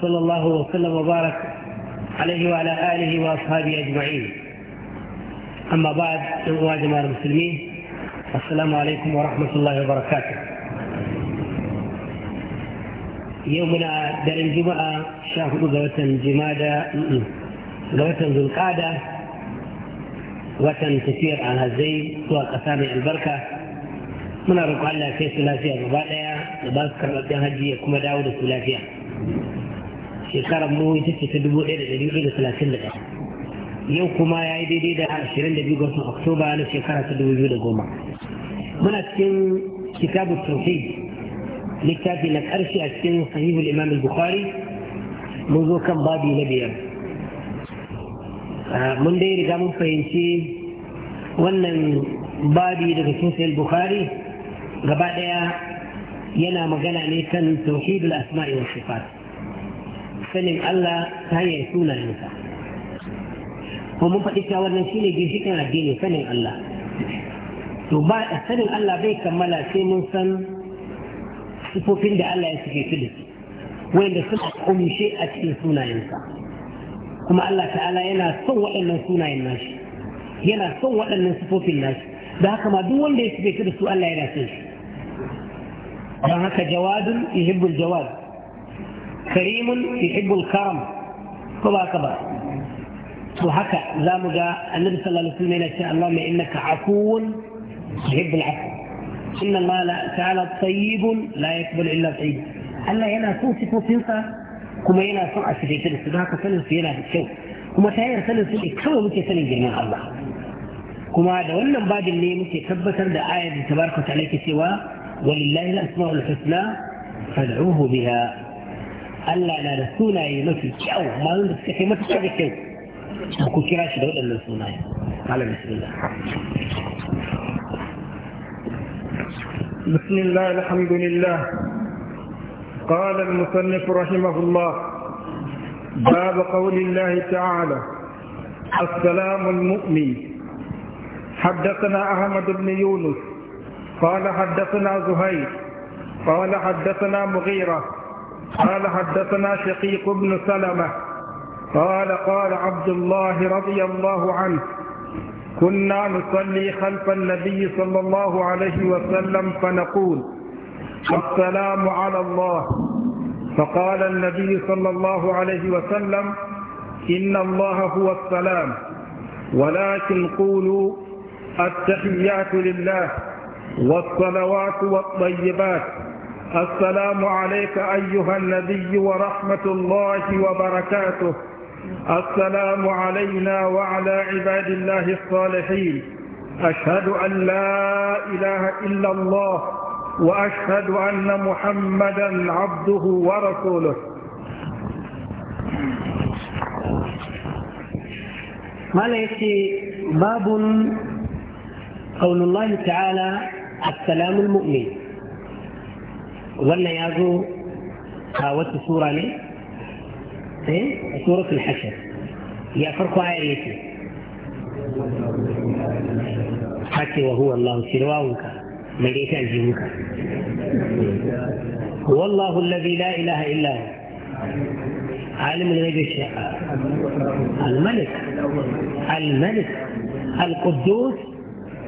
صلى الله وسلم وبارك عليه وعلى آله وأصحابه أجمعين أما بعد أيها المسلمين السلام عليكم ورحمة الله وبركاته يومنا دار الجمعة شاهد غوتن جمادة غوتن ذو القعدة وتن تسير على الزين وقسام البركة من أرقى الله في سلاسية مبادئة لباسكر الجهجية كما داود السلاسية shekarar mu ita ce ta dubu ɗaya da ɗari ɗaya da talatin da ɗaya yau kuma ya yi daidai da ashirin da biyu ga watan oktoba na shekara ta dubu biyu da goma muna cikin kitabu tauhid littafi na ƙarshe a cikin sahihul imam bukhari mun zo kan babi na biyar ah, mun dai riga mun fahimci wannan babi daga cikin sahih bukhari gaba ɗaya yana magana ne kan tauhidul asma'i wa sifat sanin Allah ta hanyar sunayensa ko mun faɗi cewa wannan shine ginshikin addini sanin Allah to ba sanin Allah bai kammala sai mun san sifofin da Allah ya suke fili wanda suna kumshe a cikin sunayensa kuma Allah ta'ala yana son waɗannan sunayen nashi yana son waɗannan sifofin nashi da haka ma duk wanda ya suke da su Allah yana son shi don haka jawadun yuhibbul jawad كريم يحب الكرم وباكبا وحكى لامجا النبي صلى الله عليه وسلم اللهم انك عفو تحب العفو ان الله تعالى طيب لا يقبل الا طيب الا هنا توصف سنسا كما هنا صنع في سنسا ذاك سنسا هنا في الشوك كما تاير سنسا كما بك سنسا من الله كما هذا ولم بعد اللي ممكن تثبت عند آية تبارك عليك سوى ولله الأسماء الحسنى فادعوه بها Allah na da sunaye mafi kyau malum da suka kai matuƙar da kyau da ku kira shi da waɗannan sunaye malam bismillah بسم الله الحمد لله قال المصنف رحمه الله باب قول الله تعالى السلام المؤمن حدثنا أحمد بن يونس قال حدثنا زهير قال حدثنا مغيرة قال حدثنا شقيق بن سلمة قال قال عبد الله رضي الله عنه كنا نصلي خلف النبي صلى الله عليه وسلم فنقول السلام على الله فقال النبي صلى الله عليه وسلم إن الله هو السلام ولكن قولوا التحيات لله والصلوات والطيبات السلام عليك أيها النبي ورحمة الله وبركاته السلام علينا وعلى عباد الله الصالحين أشهد أن لا إله إلا الله وأشهد أن محمدا عبده ورسوله ما ليس باب قول الله تعالى السلام المؤمن wannan ya zo a wata sura ne a suratul hashar ya farko ayar yake hace wa huwa Allah sirwawunka mai da ita aljihunka wallahu alladhi la ilaha illa hu عالم الغيب الشهادة الملك الملك القدوس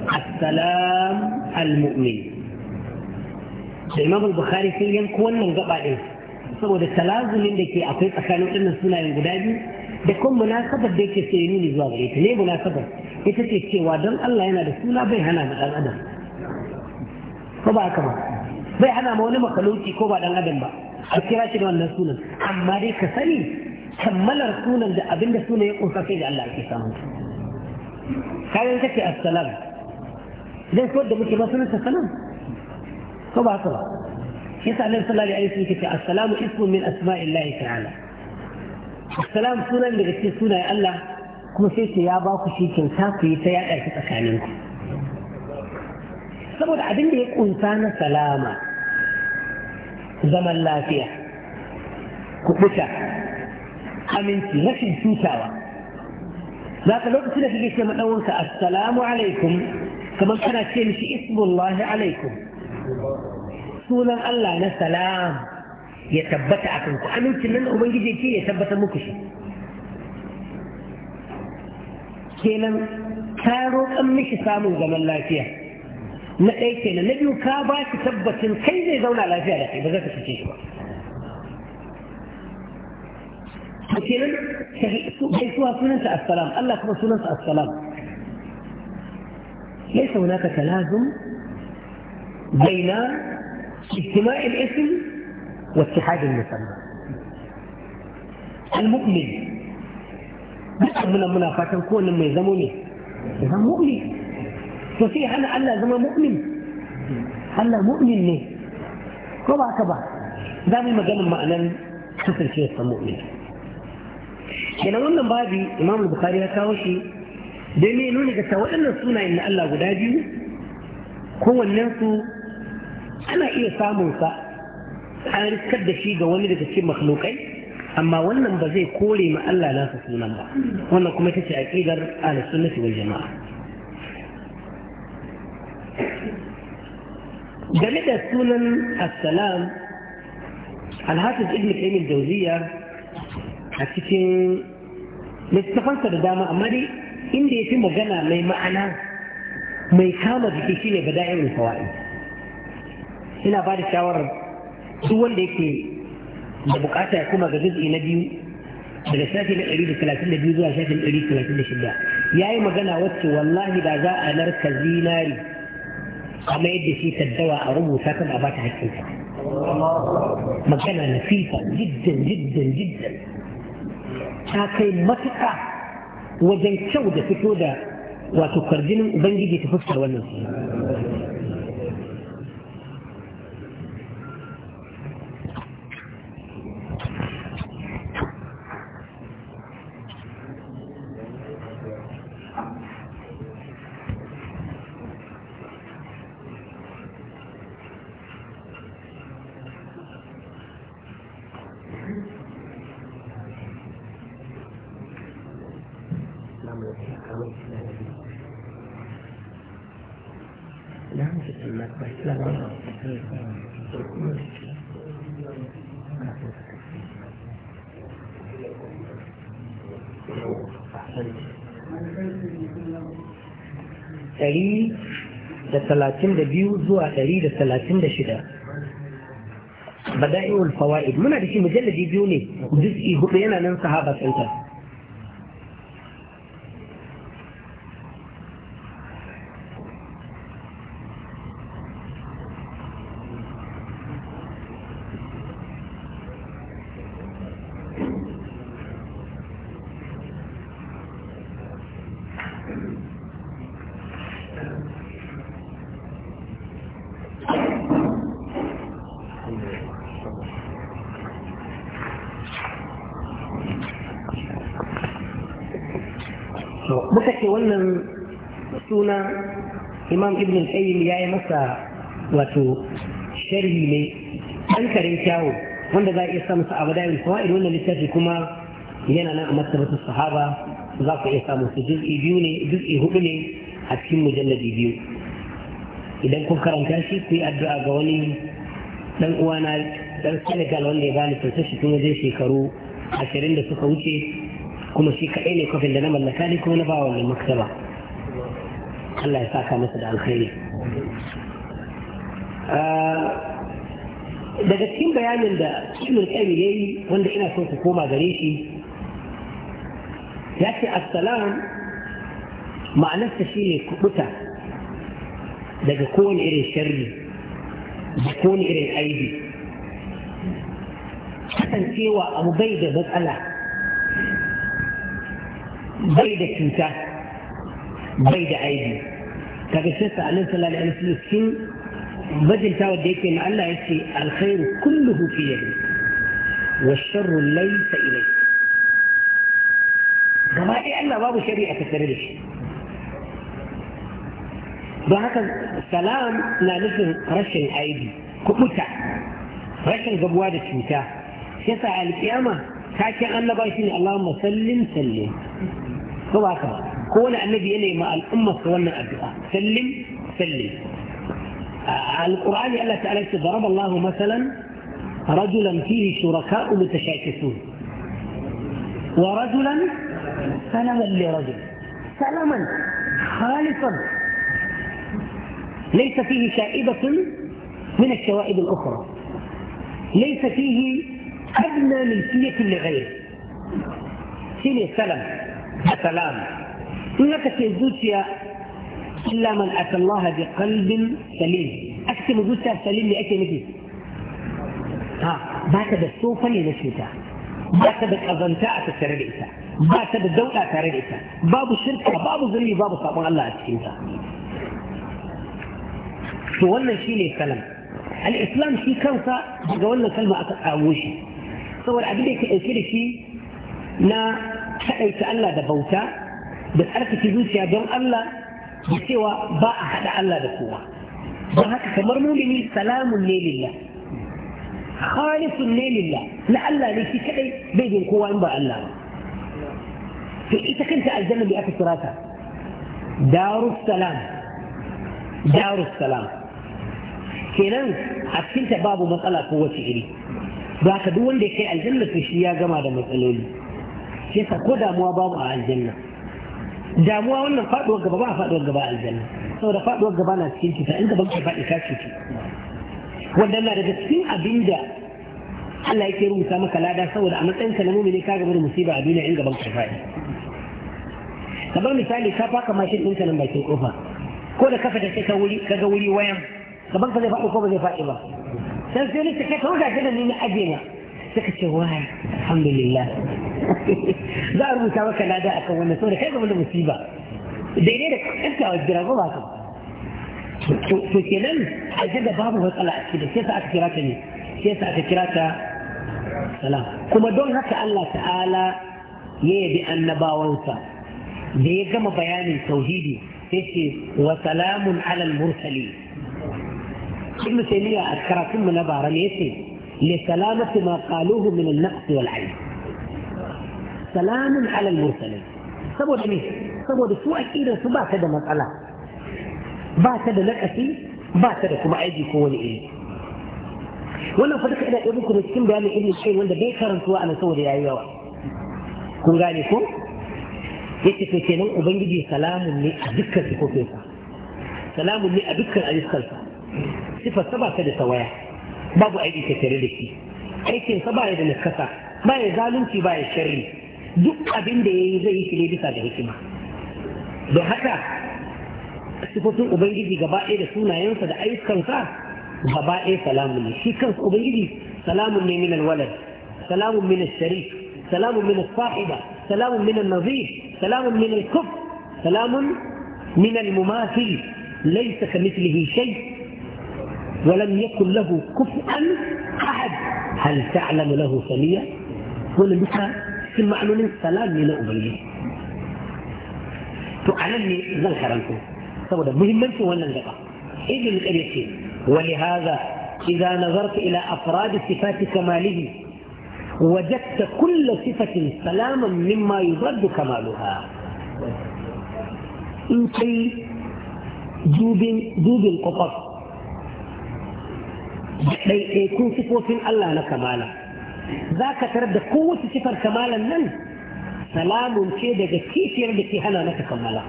السلام المؤمن da imam bukhari sai yanku wannan gaba din saboda talazumin da ke akwai tsakanin wannan sunayen guda biyu da kuma munasabar da yake sai nuna zuwa gare ta ne munasabar ita ce cewa don Allah yana da suna bai hana ma ɗan adam ko ba haka ba bai hana ma wani makaluki ko ba ɗan adam ba a kira shi da wannan sunan amma dai ka sani kammalar sunan da abinda sunan ya ƙunsa sai da Allah ake samu kayan kake assalam zai so da muke ba sunan ta salam سبع سبع يسأل النبي صلى الله عليه وسلم السلام اسم من أسماء الله تعالى السلام سنة من سنة يا الله كما سيت يا باك شيء كنسا في سيادة أكانينك سبع عدن ليك إنسان سلامة زمن لا فيها كبتة أمنتي نشي سوشاوة لكن لو كنت لك السلام عليكم كما كان شيء اسم الله عليكم sunan Allah na salam ya tabbata a kanku amincin nan ubangiji ce ya tabbata muku shi kenan ka roƙon mishi samun zaman lafiya na ɗaya kenan na biyu ka ba shi tabbacin kai zai zauna lafiya da kai ba za ka fice shi ba to kenan sai suwa sunanta assalam Allah kuma sunansa assalam laysa hunaka talazum بين اجتماع الاسم واتحاد المسمى المؤمن بسر من المنافات يكون لما يزموني يزم مؤمن تسيح أنا ألا زم مؤمن ألا مؤمن لي كبا كبا دام المجال المعنى كفر شيء المؤمن إن أولا بعدي إمام البخاري يتاوشي دمي نوني قد سوى أن السنة إن ألا قدادي كون الناس ana iya samun sa an riskar da shi ga wani daga cikin makhlukai amma wannan ba zai kore ma Allah nasa sunan ba wannan kuma ita ce aqidar al sunnati wal jama'a game da sunan assalam alhafiz ibn kayyim al-jawziya a cikin littafansa da dama amma dai inda ya fi magana mai ma'ana mai kama jiki shine bada'in fawaid ina ba da shawarar duk wanda yake da bukata ya kuma ga juz'i na biyu daga shafi na ɗari da talatin da biyu zuwa shafi na ɗari talatin da shida ya yi magana wacce wallahi da za a narka zinari a mayar da shi Taddawa a rubuta kan a ba ta haƙƙinta magana na fifa jiddan jiddan jiddan ta kai matuka wajen kyau da fito da wato kwarjinin ubangiji ta fuskar wannan su. 132 zuwa 136 bada'i'ul fawaid muna da shi jalladi biyu ne juz'i hudu yana nan sahaba center imam ibn qayyim ya yi masa wato sharhi ne an karin kyawu wanda za a iya samu a bada'il fawaid wannan littafi kuma yana nan a martabatu sahaba za ku iya samu su juz'i biyu ne juz'i hudu ne a cikin mujalladi biyu idan kun karanta shi ku yi addu'a ga wani dan uwana dan Senegal wanda ya bani kyautar shi tun shekaru ashirin da suka wuce kuma shi kaɗai ne kafin da na mallaka ne kuma na bawa wannan maktaba Allah ya saka masa da alkhairi ah, daga cikin bayanin da kai ya yi wanda ina so ku koma gare shi ya ce assalam ma'anarsa ne kubuta daga kowane irin sharri da kowane irin aibi kasancewa abu bai da matsala bai da cuta بيد ايدي كذا شفت عليه صلى الله عليه وسلم بدل تاو ديك ان الله يسي الخير كله في يدي والشر ليس إليك كما ان الله بابو شريعه تسرلش بهاك السلام لا رشن ايدي كبتا رشن جبواد الشمتا شفت على القيامه كاكي ان الله باشني اللهم سلم سلم هو اكبر كون الذي إلي ما الأمة سوانا أبقى سلم سلم على القرآن قال تعالى ضرب الله مثلا رجلا فيه شركاء متشاكسون ورجلا سلما لرجل سلما خالصا ليس فيه شائبة من الشوائب الأخرى ليس فيه أدنى من سلية لغيره سلية سلم سلام هناك تزوجيا إلا من أتى الله بقلب سليم أكتب جوتا سليم لأكي نجي ها بات بسوفا لنشوتا بات بأظنتاء تسرريتا بات بالدولة تسرريتا باب الشركة باب ذري باب صابون الله أسكينتا تولنا شيء لسلام الإسلام شيء كوفا تولنا سلمة أوشي صور عبدك الكرشي لا سألت الله دبوتا بالحركة تدوس يا دون الله بسوى باء حتى الله بسوى وهكا كمرمون لي سلام لي لله خالص لي لله لعل ليس كأي بيد القوة إن باء الله فإذا كنت أجل بأكل تراثة دار السلام دار السلام كنان أكلت باب مسألة قوة إلي ذاك دون دي كي الجنة في شيئا جمع دا مسألة لي كيف قدى مو باب الجنة آه damuwa wannan faduwar gaba ba a faduwar gaba a aljanna saboda faduwar gaba na cikin cuta in gaban ka faɗi ka cuta wanda na daga cikin abin da Allah yake rubuta maka lada saboda a matsayin ka na mumini ka gaba da musiba a duniya in gaban ka faɗi kamar misali ka faka mashin ɗinka nan bakin kofa ko da kafa da ka wuri ka ga wuri wayan gaban ka zai faɗi ko ba zai faɗi ba sai sai ni ka wuce da ni na ajiye na sai ka ce waya alhamdulillah za a rubuta maka lada akan wannan saboda kai game da musiba daidai da kankawa jira ko ba ka to kenan aljanna babu matsala a cikin sai sa aka kira ta ne sai sa aka kira ta salam kuma don haka Allah ta'ala ya yabi annabawansa da ya gama bayanin tauhidi sai ce wa salamun alal mursali ibn taymiya a karatunmu na bara ne yace li salamati ma qaluhu min an-naqs wal 'ayb salamun alal mursalin saboda ne saboda su aqidar su ba ta da matsala ba ta da nakasi ba ta da kuma aiki ko wani iri wannan fa duka ina ɗaya muku da cikin bayanin ilmi shi wanda bai a nan saboda yayi yawa kun gane ko yace to kenan ubangiji salamun ne a dukkan sifofinsa salamun ne a dukkan sa, ayyukansa sifarsa ba ta da tawaya babu aiki ta tare da shi aikinsa ba ya da nakasa ba ya zalunci ba ya sharri duk abin da ya yi zai yi shi ne bisa da hikima don haka sifofin ubangiji gaba ɗaya da sunayensa da ayyukansa gaba ɗaya salamun ne shi kansa ubangiji salamun ne min alwalad salamun min alsharif salamun min alsahiba salamun min alnazir salamun min alkuf salamun min almumathil laysa kamithlihi shay ولم يكن له كفءا احد هل تعلم له سميا ولا بك في معلوم سلام من أبنجي تعلمني ظهرا سبدا مهما وانا لقى إذن الأريسين ولهذا إذا نظرت إلى أفراد صفات كماله وجدت كل صفة سلاما مما يضد كمالها إنكي جوب جوب القطط لكي يكون صفوة الله لكماله ذاك ترد قوة سفر كمالا من سلام كيدا كيف كي هنا نتكملا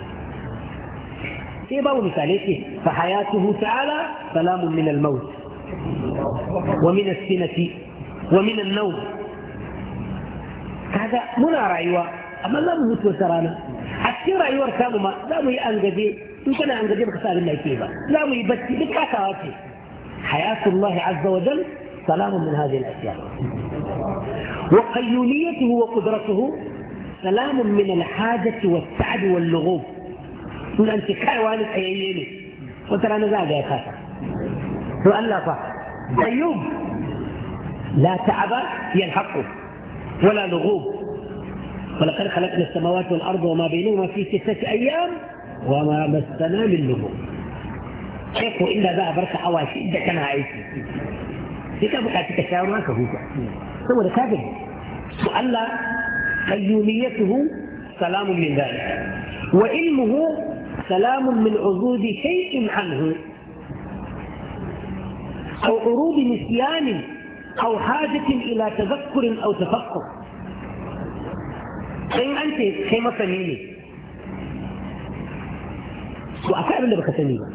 كيف أو مثاليك فحياته تعالى سلام من الموت ومن السنة ومن النوم هذا منا رأيوا أما لا موت وسرانا حتى رأيوا ركامما لا مي أنجدي إن كان أنجدي بكسار الله كيبا لا مي بس بكاكا حياة الله عز وجل سلام من هذه الأشياء وقيوميته وقدرته سلام من الحاجة والسعد واللغوب من أنت كايوانك أييني قلت أنا زاد يا خاطر لا صح أيوب لا تعب يلحقه ولا لغوب ولقد خلقنا السماوات والأرض وما بينهما في ستة أيام وما مسنا من لغوب شيخ إلا ذا بركة أواشي إذا كان عايش sai ka buƙaci ka sha ruwa ka huta saboda kafin to Allah qayyumiyatuhu salamun min dhalik wa ilmuhu salamun min uzudi shay'in anhu أو عروض نسيان أو حاجة إلى تذكر أو تفكر in an ce kai masani ne to akwai abin da baka sani ba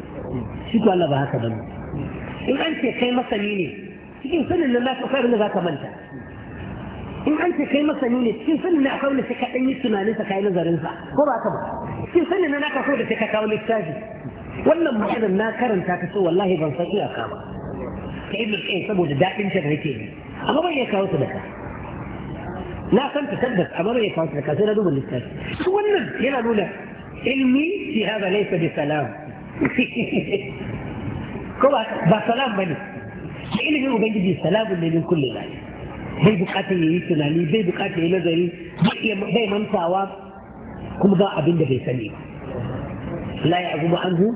shi to Allah ba haka bane in an ce cikin sanin nan naka fara ne zaka manta in an ce kai masani ne cikin sanin na akwai wanda sai ka ɗanyi tunaninsa ka nazarin sa ko ba ka ba cikin sanin nan naka so da sai ka kawo littafi wannan mu'adin na karanta ka so wallahi ban san iyaka ba ka ibn qayyim saboda dadin ta da nake yi amma ban iya kawo ta da ka na san ta tabbas amma ban iya kawo ta da ka sai na duba littafi wannan yana nuna ilmi fi hada laysa bi salam ko ba salam bane ilimin ubangiji salamun ne min kulli zalik bai bukatar yayi tunani bai bukatar yayi nazari bai mantawa kuma ga abin da bai sani ba la ya'zubu anhu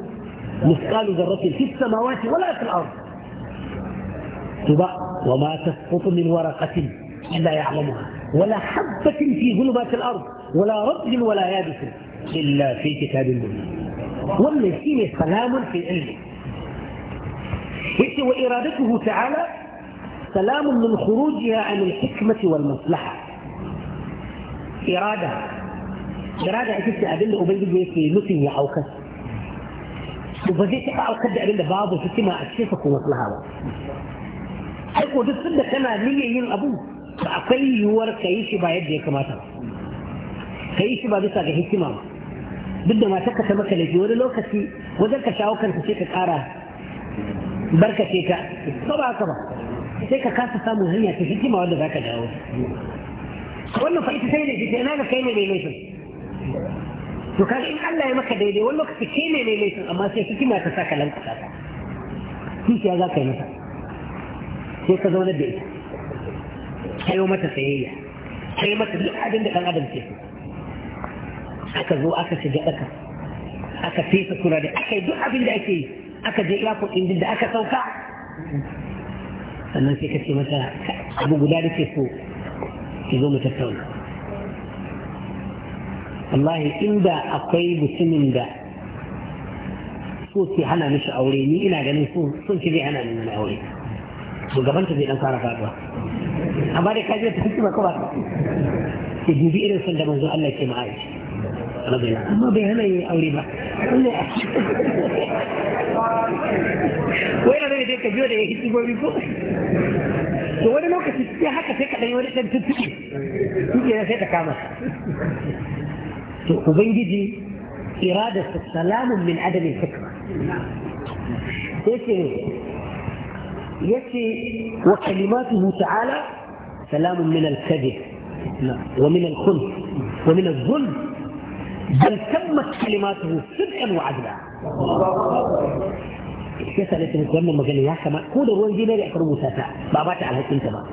مثقال ذرة في السماوات ولا في الأرض تبع وما تسقط من ورقة إلا يعلمها ولا حبة في ظلمات الأرض ولا رطب ولا يابس إلا في كتاب مبين والذين سلام في علمه وإرادته تعالى سلام من خروجها عن الحكمة والمصلحة إرادة إرادة أكيد أبن أبيض بيتي نسي يا أوكس وبزيت أقع كد أبن بعض في الحكمة أكشفك ومصلحة حيث وجدت السنة كان نية ين أبو فأقل يور كيشي بايد يا كما ترى كيشي بايد ساقي حكمة بدنا ما تكتمك لجي ولا لوكتي وذلك شاوكا تشيك كارا barkace ka ba ba ka ba sai ka kasa samun hanya ta hikima wanda za ka dawo wannan fa ita sai ne ita ina kai ne mai laifin to kaga in Allah ya maka daidai wannan ka kai ne mai laifin amma sai hikima ta saka lankwasa ka kishiya za ka yi mata sai ka zauna da ita kai mata sayayya kai mata duk abin da ɗan adam ke aka zo aka shiga ɗaka aka fesa kura da aka yi duk abin da ake yi aka je airport din da aka sauka sannan sai ka ce mata abu guda da ke so ki zo mu tattauna wallahi inda akwai mutumin da so ke hana mishi aure ni ina ganin so so ki zai hana mishi aure to gaban ta zai dan fara faduwa amma dai ka je ta ba ka ba ki dubi irin son da manzo Allah ke ma'aji رضي الله عنه ما بين لي او ربا وين انا ديك جوده هي تقول لي بو وين لو كنت في حاجه هيك انا ولا كنت تجي تجي هيك كما تو وين دي اراده السلام من عدم الفكره لكن يأتي وكلماته تعالى سلام من الكذب ومن الخلف ومن الظلم بل تمت كلماته صدقا وعدلا يسأل أنت مثل يا قال ياك ما كود الروح دي نرجع كرم وساتا بابات على هالتين تمام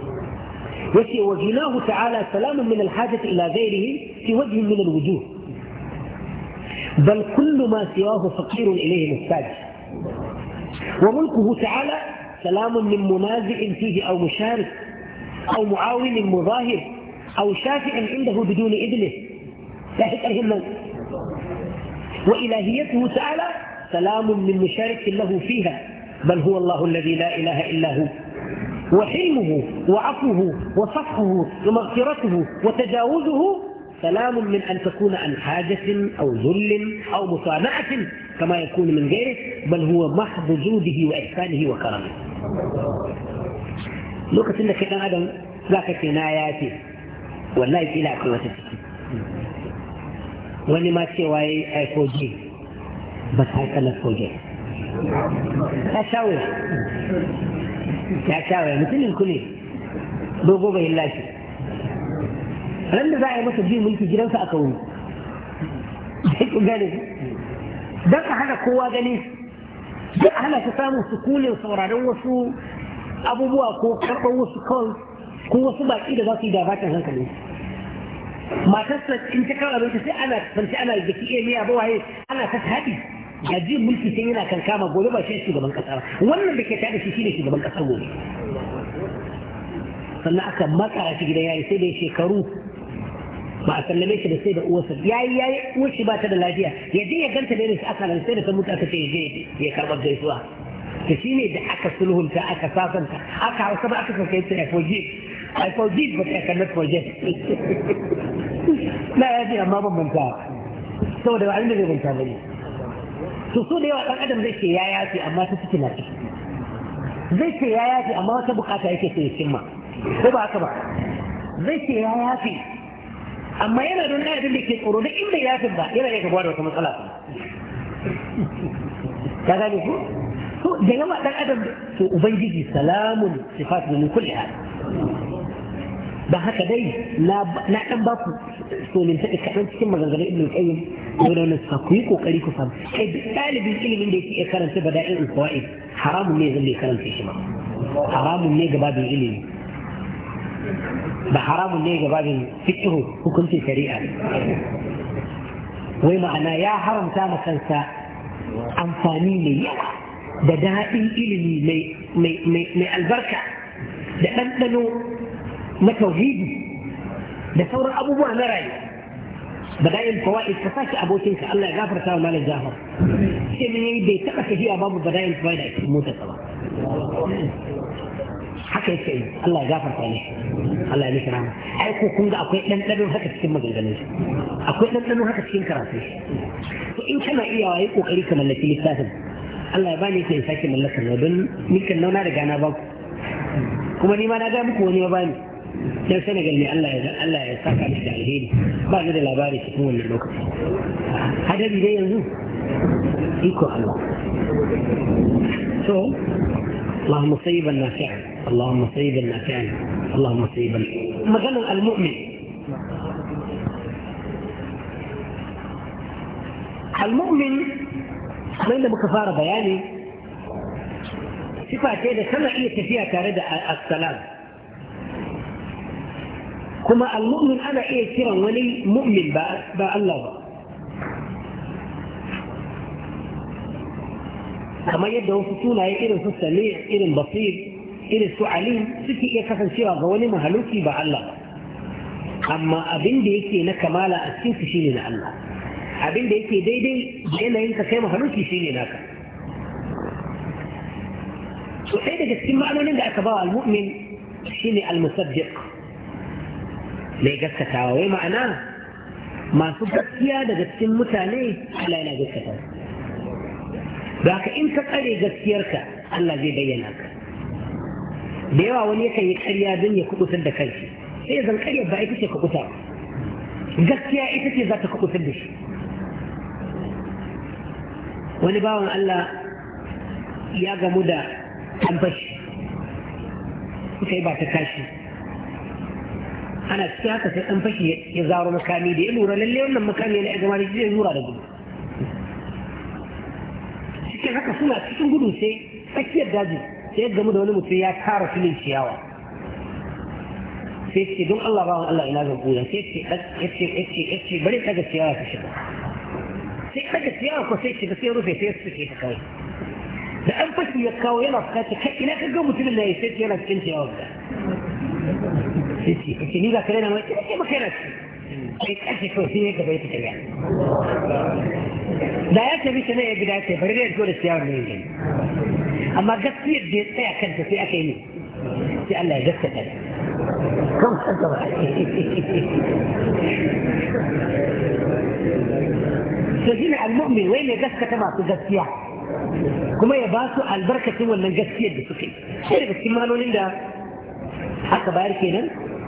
وشي وجهناه تعالى سلام من الحاجة إلى غيره في وجه من الوجوه بل كل ما سواه فقير إليه محتاج وملكه تعالى سلام من منازع فيه أو مشارك أو معاون مظاهر أو شافع عنده بدون إذنه لا تكرهنا وإلهيته تعالى سلام من مشارك له فيها بل هو الله الذي لا إله إلا هو وحلمه وعفوه وصفحه ومغفرته وتجاوزه سلام من أن تكون عن حاجة أو ذل أو مصانعة كما يكون من غيره بل هو محض جوده وإحسانه وكرمه كنت إنك كان آدم لا كناياتي والله إلى كل wani ma cewa ya yi aikoji ba ta yi kalar koje ya shawo ya shawo mutumin ku ne dogo bai lafi ran da za a yi masa biyu mulki gidansa aka wuri sai ku gane don a hana kowa gani don a hana su samun sukunin sauraron wasu abubuwa ko karɓar wasu kawai ko wasu baƙi da za su yi da fatan hankali matarsa in ta kawo abinci sai ana fanci ana da kiye ne ba waye ana ta taɗi jin mulki sai yana kan kama gobe ba shi shugaban kasa ba wannan da ke taɗa shi shine shugaban kasa gobe sannan aka matsa shi gidan yayi sai da shekaru ba a sallame shi da sai da uwarsa yayi yayi uwar shi ba ta da lafiya ya je ya ganta da irin shi aka sai da ta mutu aka ce ya je ya karɓar gaisuwa ta ne da aka sulhunta aka sasanta aka hausa ba aka sauke ta I forgive I forgive but I cannot forget na ya ce amma ban manta saboda abin da zai manta bane to so da yawa ɗan adam zai ce ya yafe amma ta ciki na ciki zai ce ya yafe amma wata bukata yake so ya cimma ko ba haka ba zai ce ya yafe amma yana don ɗaya da ke tsoro da inda yafin ba yana iya gaba da wata matsala ka gane ko to da yawa ɗan adam to ubangiji salamun sifatu min kulli hal ده حتى جاي لا ب... لا كان بس تقول انت كمان تسمى غير ابن القيم يقول انا سقيق وقريق فهم قالب طيب، الكلمه اللي في كلام في بدائل القوائد حرام اللي يغلي كلام في شمال حرام اللي جباب الالي ده حرام اللي جباب فكه وكنت سريعا وما انا يا حرم كان خلصا انفاني لي ده دائم الي مي مي مي, مي, مي البركه ده انت na tauhidi da sauran abubuwa na rayuwa bada'il fawaid ka saki abokinka Allah ya gafarta wa malam jahar sai ne yi bai taba tafiya babu bada'il fawaid a cikin mota ba haka yake Allah ya gafarta ne Allah ya yi rahama ai ko kun ga akwai dan dano haka cikin maganganun shi akwai dan dano haka cikin karatu to in kana iya wayi kokari ka mallaki littafin Allah ya bani sai sake mallakar don nikan nauna da gana ba kuma ni ma na ga muku wani ya bani لو سنة قال لي ألا الله أن الجاهلين ما قدر لا بارك هو اللي لك هذا اللي جاي يزوج يكو حلو شو اللهم صيب النافع اللهم صيب النافع اللهم صيب مثلا المؤمن المؤمن ما عنده كفاره بياني صفه كده سمع ايه فيها كارده السلام كما المؤمن على اي ترى ولي مؤمن باء الله كما يبدو فتولا اي ارن فتسليع ارن بصير ارن سعليم سكي اي كفن سيرا ظولي مهلوكي باء الله اما ابن ديكي انك ما لا اسكين تشيني لأ الله ابن ديكي دي دي لان انت كي مهلوكي شيني لك سوحيدك اسكين معنى لنك اكبار المؤمن شيني المصدق da ya gaskatawa wai ma'ana masu gaskiya daga cikin mutane Allah yana gaskata da haka in ka tsare gaskiyarka Allah zai bayyana ka da yawa wani yakan yi karya don ya kubutar da kai sai zan karya ba ita ce kubuta gaskiya ita ce za ta kubutar da shi wani bawan Allah ya gamu da tabbashi sai ba ta kashi ana cikin haka sai dan fashi ya zaro makami da ya lura lalle wannan makami na zama da zai lura da gudu cikin haka suna cikin gudu sai tsakiyar daji sai ya gamu da wani mutum ya kara filin ciyawa sai ce don Allah bawan Allah ina zan koya sai ce ya ce bari ga ciyawa ta shiga sai ga ciyawa ko sai shiga sai rufe sai su ke ta kawai da an fashi ya kawo yana fuka ta kai ina ka ga mutumin da ya sai yana cikin ciyawa guda تسي تسي ليه كلنا ما تسي ما كانت تسي كوسي هيك بيت كلام لا يكفي سنة بداية بريد تقول السيارة من أما قد في الدين كنت في أكيد في الله جسد كم حتى سجينا المؤمن وين يجسد كما تجسد kuma ya ba su albarkacin wannan gaskiyar da suke shi daga cikin malolin da aka bayar kenan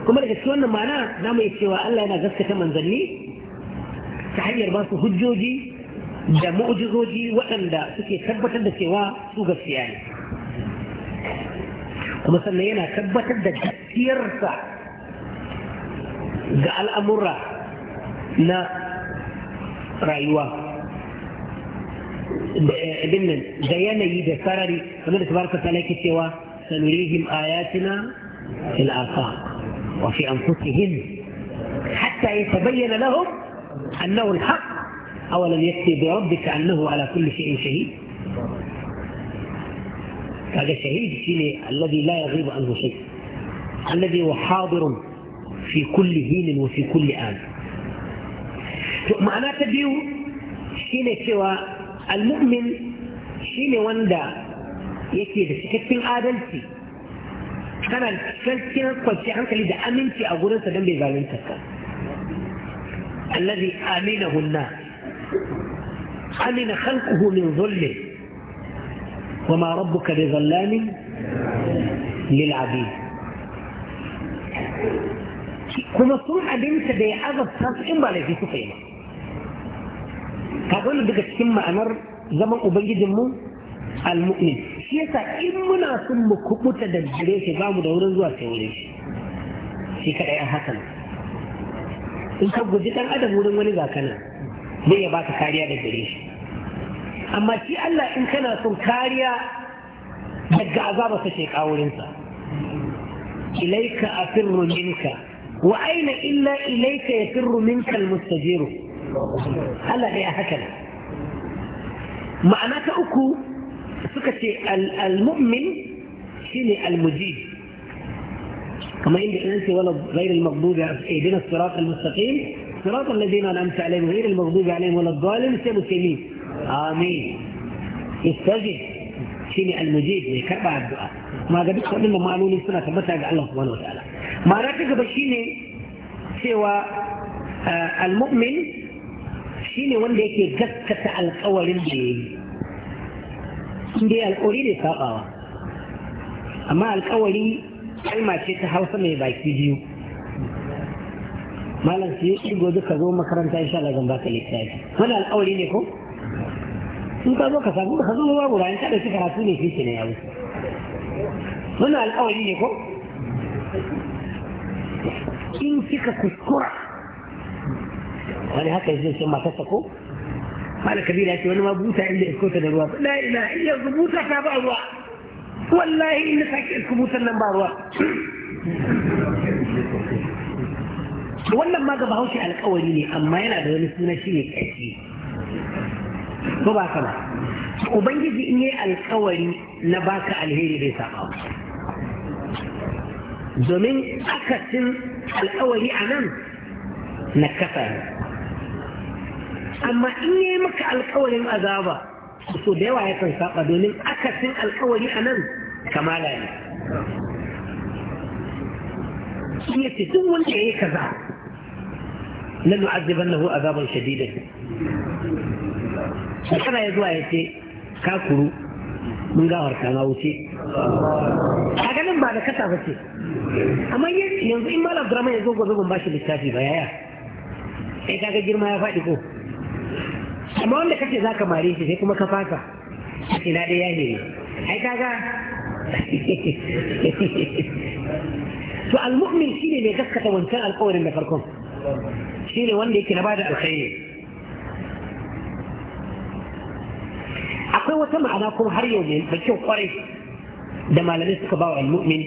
kuma daga cikin wannan ma'ana za mu iya cewa Allah yana gaskata manzanni ta hanyar ba su hujjoji da mu'jizoji waɗanda suke tabbatar da cewa su gaskiya ne kuma sannan yana tabbatar da gaskiyarsa ga al'amura na rayuwa da yanayi da sarari kamar da tabaraka ta cewa sanurihim ayatina fil afaq وفي أنفسهم حتى يتبين لهم أنه الحق أولم يكفي بربك أنه على كل شيء شهيد هذا شهيد شيء الذي لا يغيب عنه شيء الذي هو حاضر في كل حين وفي كل آن معناته تبيو شيء سوى المؤمن شيء وندا يكيد da cikakken adalci kana cikakkiyar kwanci hankali da aminci a gurinsa don bai zalunta ka allazi amina hunna amina khalquhu min zulli wa ma rabbuka bi zallamin lil abid kuma sun abinta da ya azabta su in ba laifi suka yi ba kaga wani daga cikin ma'anar zaman ubangijinmu al-mu'min shi yasa in muna sun mu kubuta da gare shi ba mu da wurin zuwa sai wurin shi shi kadai an hakan. in ka guji dan adam wurin wani zakana zai ya baka kariya da gare shi amma shi Allah in kana son kariya daga azaba sa sheka wurinsa ilaika afirru minka wa aina illa ilaika yafirru minka almustajiru Allah dai a haka ma'ana ta uku فكره المؤمن سن المجيب كما إن انت ولد غير المغضوب ايدينا الصراط المستقيم صراط الذين أنعمت عليهم غير المغضوب عليهم ولا الظالم سيب سليم آمين استجب سن المجيب كبع الدعاء ما قد يقول لما معلوم السنة فبتع الله سبحانه وتعالى ما راتك بشين سوى المؤمن شيني وان ديكي قسكت على قوى لنبيه in dai alƙawari ne saɓawa amma alƙawari kalma ce ta hausa mai baki biyu malam su yi gobe ka zo makaranta insha Allah zan baka littafi wani alƙawari ne ko in ka zo ka samu ka zo babu ranar ta ɗauki karatu ne shi ne ya wuce wani alƙawari ne ko in kika kuskura wani haka zai ce matarsa ko قال كبير ياتي وانا ما بوسى عندي اسكوتة الرواء لا اله الا الله بوسى تابع الرواء والله انك اسكوتة لما الرواء wannan ma gaba haushi alkawari ne amma yana da wani suna shi ne ƙarfi ko ba ka ba ubangiji in yi alkawari na baka alheri bai saba domin akasin alkawari a nan na kasa ne amma in yi maka alkawarin azaba so da yawa yakan saba domin akasin alkawari a nan kamala ne shi ya ce duk wanda ya yi kaza na nu'azziban nahu azaban shadidan shekara ya zuwa ya ce ka kuru mun gawar kama wuce a ganin ba da kasa ba ce amma yanzu in malam drama ya zo gwazo ban littafi ba yaya sai kaga girma ya faɗi ko amma wanda za ka mare shi sai kuma ka fasa ina da ya ne ai kaga to almu'min shine mai gaskata wancan alƙawarin da farkon shine wanda yake na bada alkhairi akwai wata ma'ana kuma har yau ne mai kyau kwarai da malamai suka ba wa almu'min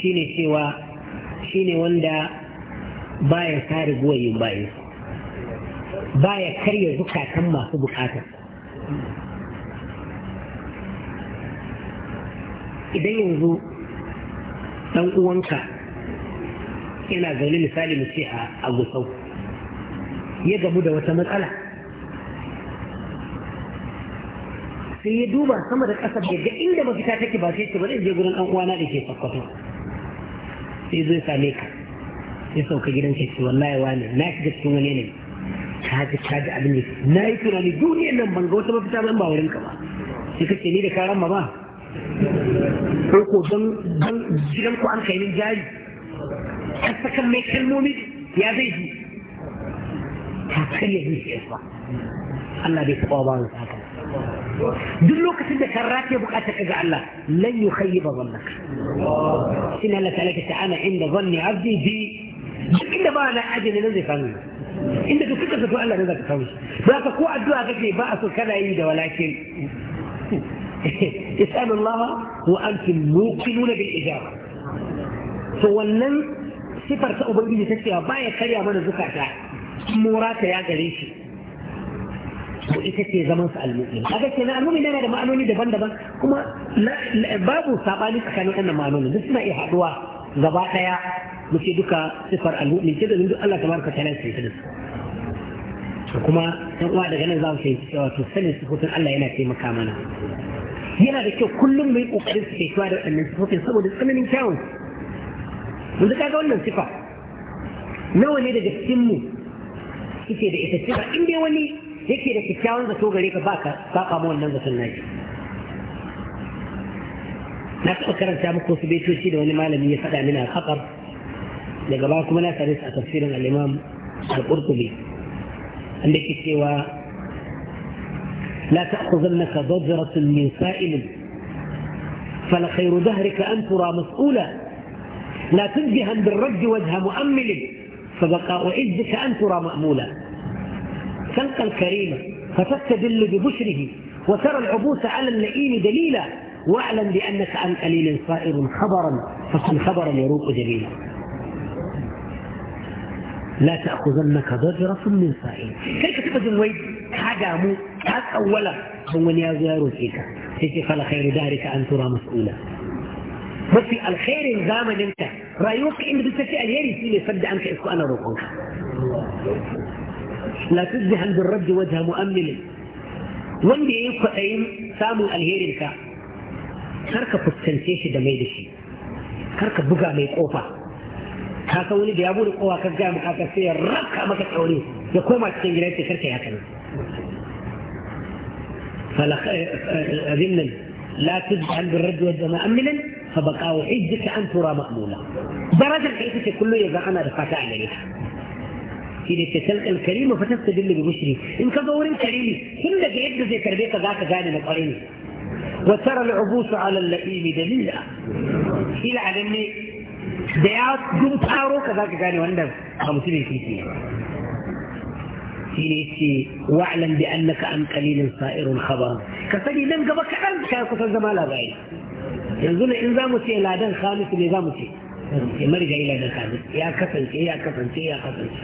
shine cewa shine wanda baya sa riguwayin bayansa baya karya zukatan masu bukata idan yanzu ɗan uwanka yana zaune misali mu ce a agusau ya gamu da wata matsala sai ya duba sama da ƙasa da inda mafita take ba sai ce bari je gurin ɗan uwana da ke sakkwato sai zai same ka ya sauka gidan ke ce wallahi wani na shiga cikin wani yanayi kaga kaga abin ne na yi tunani duniyar nan ban ga wata mafita ban ba wurinka ba sai kake ni da karan ma ba ko ko don don gidan ku an kai min jari an saka mai kalmomi ya zai ji ta karya fa. Allah bai taɓa ba mu haka duk lokacin da kan rataye bukata ka ga Allah lan yukhayyiba zannaka shin Allah ta laka ta'ala inda zanni abdi bi duk inda ba na ajin nan zai fara inda duk kika zato Allah ne za ka kawo shi za ka ko addu'a kake ba a so kana yi da walakin is'alullah wa antum muqinuna bil ijaba to wannan sifar ta ubangiji ta cewa baya karya mana zukata mura ta ya gare shi to ita ce zaman sa almu'min kaga ce na almu'min yana da ma'anoni daban-daban kuma babu sabani tsakanin wannan ma'anoni duk suna iya haduwa gaba daya muke duka sifar almu'min ce da duk Allah tabaraka ta'ala ya ce kuma ɗan uwa daga nan za mu fahimci cewa to sanin sifofin Allah yana taimaka mana yana da kyau kullum mu yi ƙoƙarin su kaiwa da waɗannan sifofin saboda tsananin kyawun yanzu kaga wannan sifa nawa ne daga cikin mu suke da ita sifa in dai wani yake da kyakkyawan zato gare ka baka saba ma wannan zaton naki na taɓa karanta muku wasu baitoci da wani malami ya faɗa mini a daga baya kuma na sare su a tafsirin al-Imam al-Qurtubi عندك سوى لا تأخذنك ضجرة من سائل فلخير دهرك أن ترى مسؤولا لا تنجها بالرد وجه مؤمل فبقاء عزك أن ترى مأمولا تلقى الكريمة فتستدل ببشره وترى العبوس على اللئيم دليلا واعلم بأنك عن قليل صائر خبرا فكن خبرا يروق جميلا لا تأخذنك ضجرة من سائل كيف تبدو ويد حاجة مو حاجة أولا هو يا زيار فيك سيتي فلا خير دارك أن ترى مسؤولا بس في الخير الزام انت رأيوك انت بتسكي الهيري سيني فد انت اسكو انا روحوك لا تزي عند الرد وجه مؤمل واندي ايه قطعين سامو الهيري لك كاركا بسكنتيش دميدشي كاركا بقى ميت اوفا ka san wani da ya bude kowa ka ga maka ka sai raka maka tsaure ya koma cikin gida sai karka ya kana فأذنا لا تجعل بالرد والدماء أملا فبقاء حجك أن ترى مأمولا درجة حيثك كله يبقى أنا رفعت عليها shine ce san alkarim fa tastadil bi mushri in ka zo wurin karimi tun daga yadda zai karbe ka zaka gane na kwarai ne wa tara al'ubus ala al-la'im dalila ila alanni da ya dun faro ka za ka gane wannan ba mutumin kirki ne shi ne ce wa'alan bi annaka an qalilin sa'irun khabar ka sani nan gaba kaɗan ka kusan zama labari yanzu ne in za mu ce ladan khamis ne za mu ce ya marga ila da khamis ya kasance ya kasance ya kasance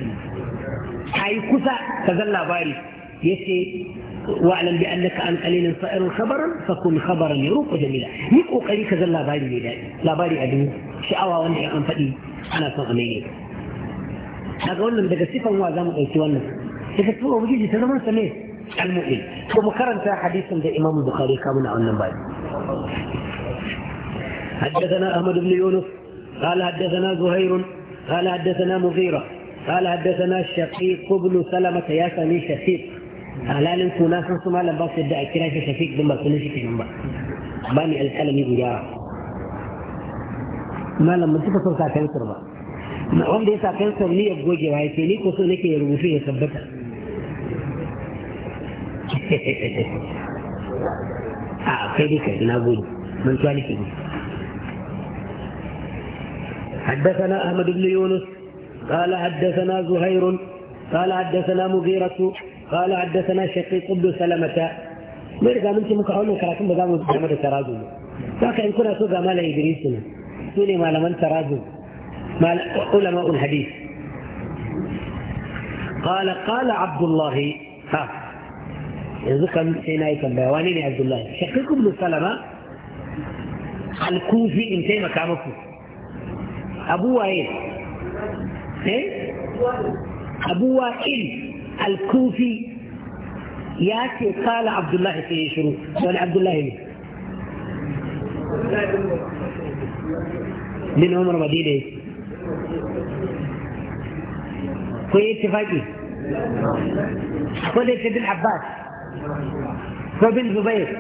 ka yi kusa ka zan labari ya ce واعلم بانك ان قليلا صائر خبرا فكن خبرا يروق جميلا مي كوكري كذا لا باري لا لا باري ادو شاوا وانا ان فدي انا صن امي اقول لهم دغ صفه مو زعما دوكي وانا كيف تو وجي جي تمام سمي المؤمن ثم قرنت حديثا بامام البخاري كما نعلم باي حدثنا احمد بن يونس قال حدثنا زهير قال حدثنا مغيره قال حدثنا الشقيق بن سلمه يا سمي شقيق halalin suna sun su malam ba su yadda a kira shi shafiq din ba sunan shi kenan ba ba ni alƙalami guda malam mun suka son sa kansar ba wanda ya sa kansar ni ya gogewa ya ce ni ko so nake ya rubutu ya tabbata a kai dai kai na gode mun tuwa nake حدثنا أحمد بن يونس قال حدثنا زهير قال حدثنا مغيرة قال حدثنا شقيق بن سلمة ماذا من تلك حولنا كراكم بقام محمد تراجم ذاك إن كنا سوى مال إدريسنا سوني مال من تراجم مال علماء الحديث قال قال عبد الله ها يذكر من سيناء عبد الله شقيق بن سلمة الكوفي انت تيم كامفه أبو وائل إيه أبو وائل الكوفي يا شي قال عبد الله في شنو قال عبد الله من عمر مدينة كوي اتفاقي كل ابن عباس وابن زبير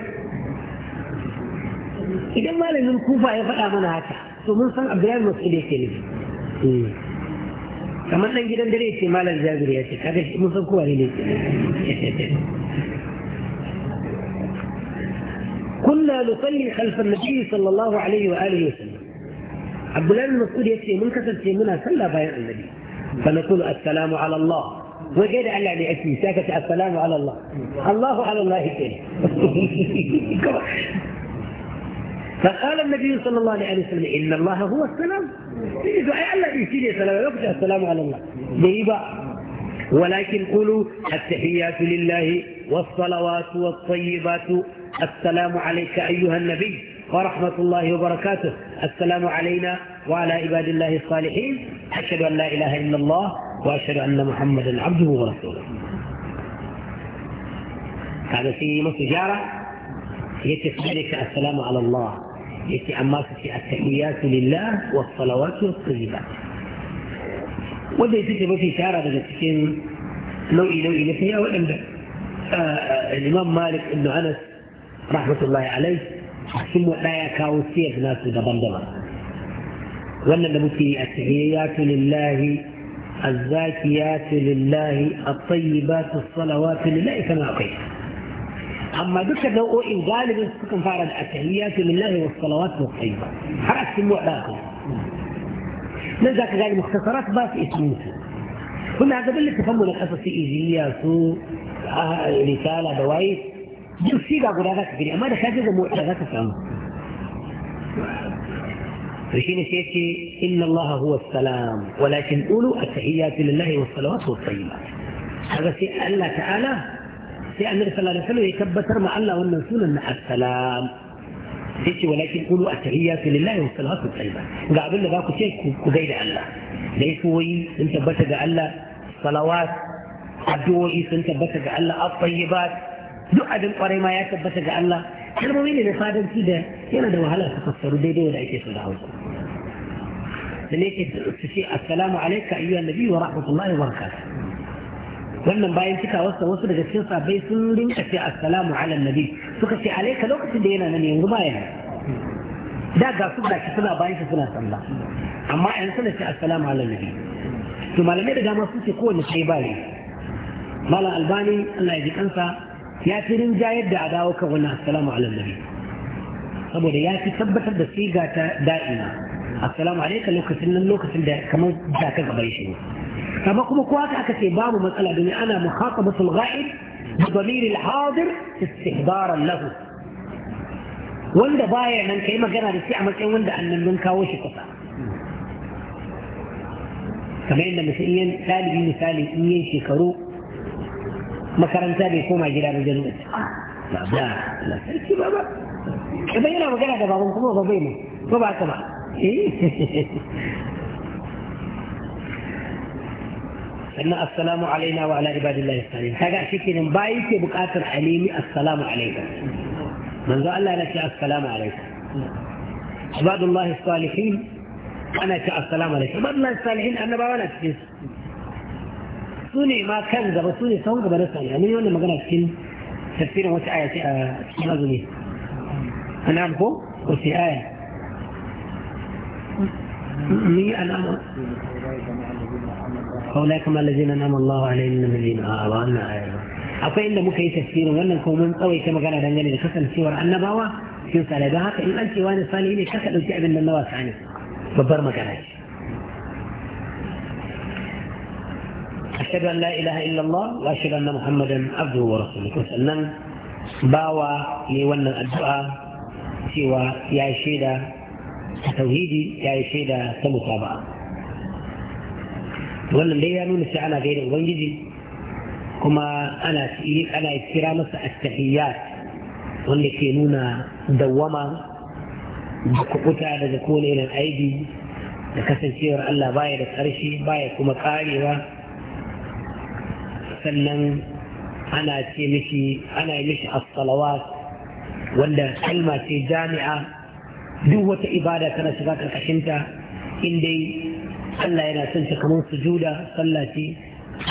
إذا ما لم الكوفة يفقى منها هكذا ومن صنع عبد الله المسؤولية كلمة kamar nan gidan dare ce malar jabir ya ce kaga shi mun san kowa ne كنا نصلي خلف النبي صلى الله عليه وآله وسلم عبد الله بن مسعود يكفي من كثر منها صلى بايع النبي فنقول السلام على الله وجد على اللي ساكت السلام على الله الله على الله كيف فقال النبي صلى الله عليه وسلم إن الله هو السلام في دعاء الله يشيل السلام يقول السلام على الله بيبا ولكن قولوا التحيات لله والصلوات والطيبات السلام عليك أيها النبي ورحمة الله وبركاته السلام علينا وعلى عباد الله الصالحين أشهد أن لا إله إلا الله وأشهد أن محمدا عبده ورسوله هذا في مصر جارة يتفعلك السلام على الله يتأمل في التحيات لله والصلوات الطيبات وذي تجد في شعر بن السكين لو إلى إلى فيها وإن آه، آه، الإمام مالك بن أنس رحمة الله عليه حسم لا يكاو سيد ناس دبندما وأن نبتي التحيات لله الزاكيات لله الطيبات الصلوات لله فما أقيت اما دكا لو ان غالبا سكن فارا الاتحيات من الله والصلوات والطيبات حرس في المعلاقه نزاك غالي مختصرات ما في اسمه كنا هذا بل تفهموا القصص ايجيليا سو آه، رسالة دوايس جو سي دا قرادة كبيرة اما دا خاجة معلاقة فهمه فشين شيخي إن الله هو السلام ولكن قولوا التحيات لله والصلوات والطيبات هذا سي الله تعالى في أن صلى الله عليه يكبتر مع الله والنسون مع السلام ديتي ولكن قولوا أتهية لله والصلاة والسلام قابل الله باكو شيء كذيل الله ليس هو انت بتجع الله صلوات أدوه إيس انت بتجع الله الطيبات دو أدن قريما ياتب بتجع الله المهم اللي فادم في ده هنا ده وهلا دي دي ولا أي شيء صلى السلام عليك أيها النبي ورحمة الله وبركاته wannan bayan cikawarsa wasu daga cikin sabai sun rinka ce assalamu ala nabi suka ce alaika lokacin da yana nan yanzu ma yana da ga su da shi suna bayan shi suna sallah amma yanzu suna ce assalamu ala nabi to malamai da dama sun ce kowanne sai bare malam albani Allah ya ji kansa ya fi rinjayar da a dawo kan wannan assalamu ala nabi saboda ya fi tabbatar da siga ta da'ina السلام عليك لوكسن لوكسن ده كمان ذاك الغبيشي فما كم كواك أكسي بابو مسألة دني أنا مخاطبة الغائب بضمير الحاضر استحضارا له وند بايع من كيما جرى لسي عمل كيما وند أن من كاوشي كفا كما إن مثل إيان ثالي إيان ثالي إيان شكرو ما كرم ثالي كوما جلال جنوية لا بابا لا بابا كما إيان مجرى دبابا كما بابا كما بابا sannan assalamu alaina wa ala ibadillahi salihin kaga shi kenan bayi ke bukatar a nemi assalamu alaikum manzo Allah ya ce assalamu alaikum ibadullahi salihin ana ce assalamu alaikum ibadullahi salihin annabawa na cikin su ne ma kan gaba su ne sahun gaba na salihin ne wannan magana cikin tafsirin wata aya ce a cikin azumi ana ko ko sai aya مي الأمر أولئك ما الذين أنعم الله عليهم من الذين akwai inda muka yi tafsirin wannan ko mun ta magana dangane da kasancewar annabawa cikin salai haka in an ce ne salihi ne kaka ɗauki abin na nawa sani babbar magana ce ashhadu an la ilaha illallah wa ashhadu anna muhammadan abduhu wa rasuluhu sannan bawa yayi wannan addu'a cewa ya shaida a tauhidi yayi yi shaida ta musaba wannan dai ya nuna shi ana gaida ubangiji kuma ana ana kira masa astahiyyat wanda ke nuna dawwama da kukuta daga kowane irin aibi da kasancewar Allah baya da ƙarshe baya kuma ƙarewa sannan ana ce mishi ana yi mishi as wanda kalma ce jami'a duk wata ibada tana shiga karkashinta in dai Allah yana son ta kamar sujuda sallah ce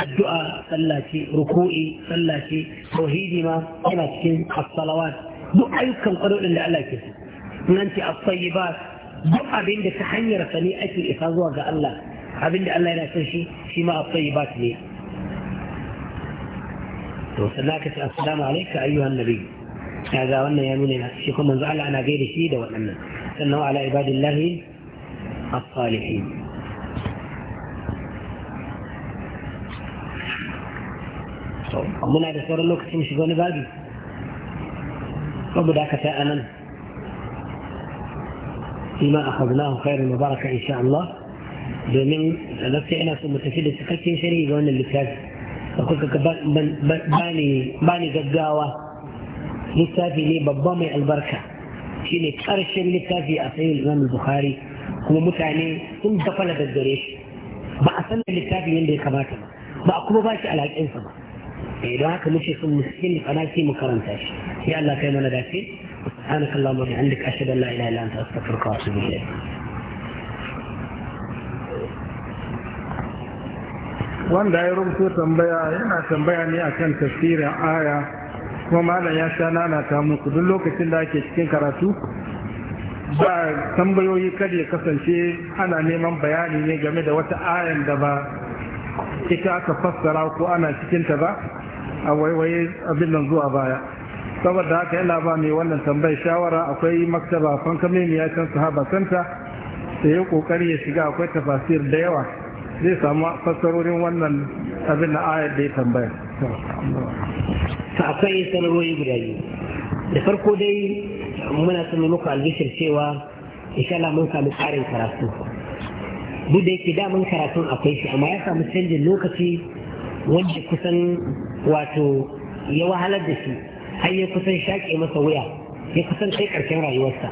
addu'a sallah ce ruku'i sallah ce tauhidi ma yana cikin as-salawat duk ayyukan kwadoɗin da Allah ke so nan ce as-sayyibat duk abin da ta hanyar sa ne ake isa zuwa ga Allah abin da Allah yana son shi shi ma as-sayyibat ne to sannan ka ce assalamu alayka ayyuhan nabiy kaga wannan ya nuna shi kuma manzo Allah ana gaida shi da waɗannan أنه على عباد الله الصالحين أبونا دكتور لوك تمشي قوني باقي ربنا كتاءنا فيما أخذناه خير وبركة إن شاء الله بمن لكتئنا في متفيدة سكتين شريك قوني اللي كاز وقلت لك باني باني قداوة لسافي لي ببامي البركه shine karshen littafi a sayin imam bukhari kuma mutane sun dafala daddare shi ba a san littafin yadda ya kamata ba ba a kuma ba shi alaƙinsa ba idan eh, haka muke sun muskin fana sai mu karanta shi sai Allah kai mana dace سبحانك اللهم وبحمدك أشهد أن لا إله إلا أنت أستغفرك وأتوب إليك wanda ya rubuta tambaya yana tambaya ne akan tafsirin aya kuma malam ya sha lalata muku duk lokacin da ake cikin karatu ba tambayoyi kada ya kasance ana neman bayani ne game da wata ayan da ba ita aka fassara ko ana cikinta ba a waiwaye abin nan zuwa baya saboda haka yana ba mai wannan tambayar shawara akwai maktaba fankame mai sahaba santa da ya kokari ya shiga akwai tafasir da yawa zai samu fassarorin wannan abin na ayar da ya tambaya akwai sanarwoyi guda biyu da farko dai muna sami muku albishir cewa insha mun sami tsarin karatu duk da yake damun karatun akwai shi amma ya samu canjin lokaci wanda kusan wato ya wahalar da shi har ya kusan shaƙe masa wuya ya kusan kai ƙarshen rayuwarsa